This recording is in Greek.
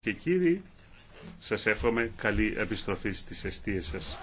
και κύριοι, σας εύχομαι καλή επιστροφή στις αιστείες σας.